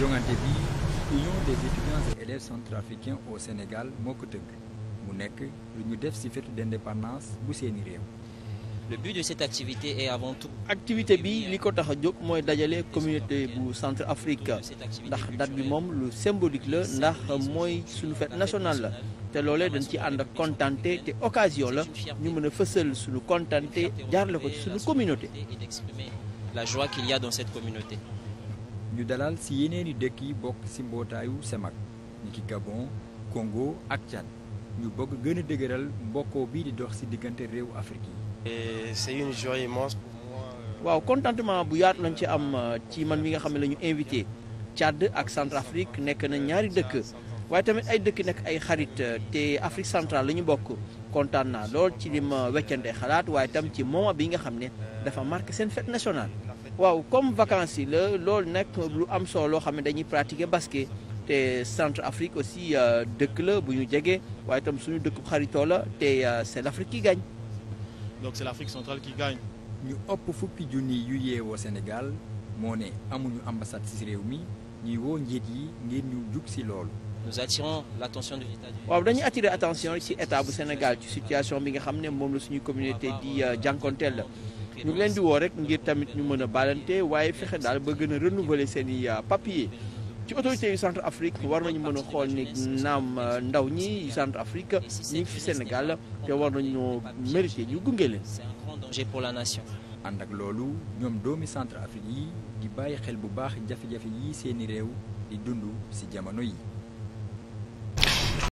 jongante bi des étudiants et élèves Sénégal moo ko tëgg mu nekk ñu def ci fête d'indépendance bu seeni le but de cette activité est activité bi li ko tax a jóg mooy dajale communauté bu centre Afrique ndax date bi moom lu symbolique la ndax mooy sunu fête nationale la. te loole dañ ci ànd ak kontante te occasion la ñu mën a fësal suñu kontante jaarale ko ci suñu communauté. la joie qu'il y a ñu dalal ci yeneeni dëkk yi bokk ci mbootaayu semag ni ki Gabon Congo ak Tchad ñu bëgg gën a dëgëral mbokkoo bii di dox ci diggante réew Afrique yi. c'est une joie immense pour moi. Euh, waaw contentement bu yaatu lañ ci am euh, ci man mi nga xam ne la ñu invité Tchad ak Centrafrique nekk na ñaari dëkk. waaye tamit ay dëkk nekk ay xarit euh, te Afrique centrale la ñu bokk kontaan naa lool ci li ma euh, weccante xalaat waaye tam ci moment bi nga xam ne dafa marqué seen fête national waaw comme vacance yi la lool nag lu am solo loo xam ne dañuy pratiquer basket te centre Afrique aussi euh, dëkk la bu ñu jege waaye itam suñu dëkk xaritoo la te c'est l'Afrique qui gagne. donc c'est l'Afrique centrale qui ñu ëpp fukki junni yu yeewoo senegal moo ne amuñu ambassade si réew mi ñuy woo njiit yi ngir ñu jug ci lool nous attirons l'attention de l'État. waaw dañuy attirer attention ci état bu Sénégal ci situation bi nga xam ne moom la suñu communauté di euh, jànkonteel la ñu leen di woo rek ngir tamit ñu mën a baalante waaye fexe daal ba gën a renouveler seen i euh, papier ci autorité yu centre Afrique war nañu mën a xool ni naam euh, ndaw ñi yu centre Afrique ñu fi Sénégal te war nañu mérité ñu gunge leen. c'est un grand danger ànd ak loolu ñoom doomi centre Afrique yi di bàyyi xel bu baax jafe-jafe yi seeni réew di dund ci jamono yi.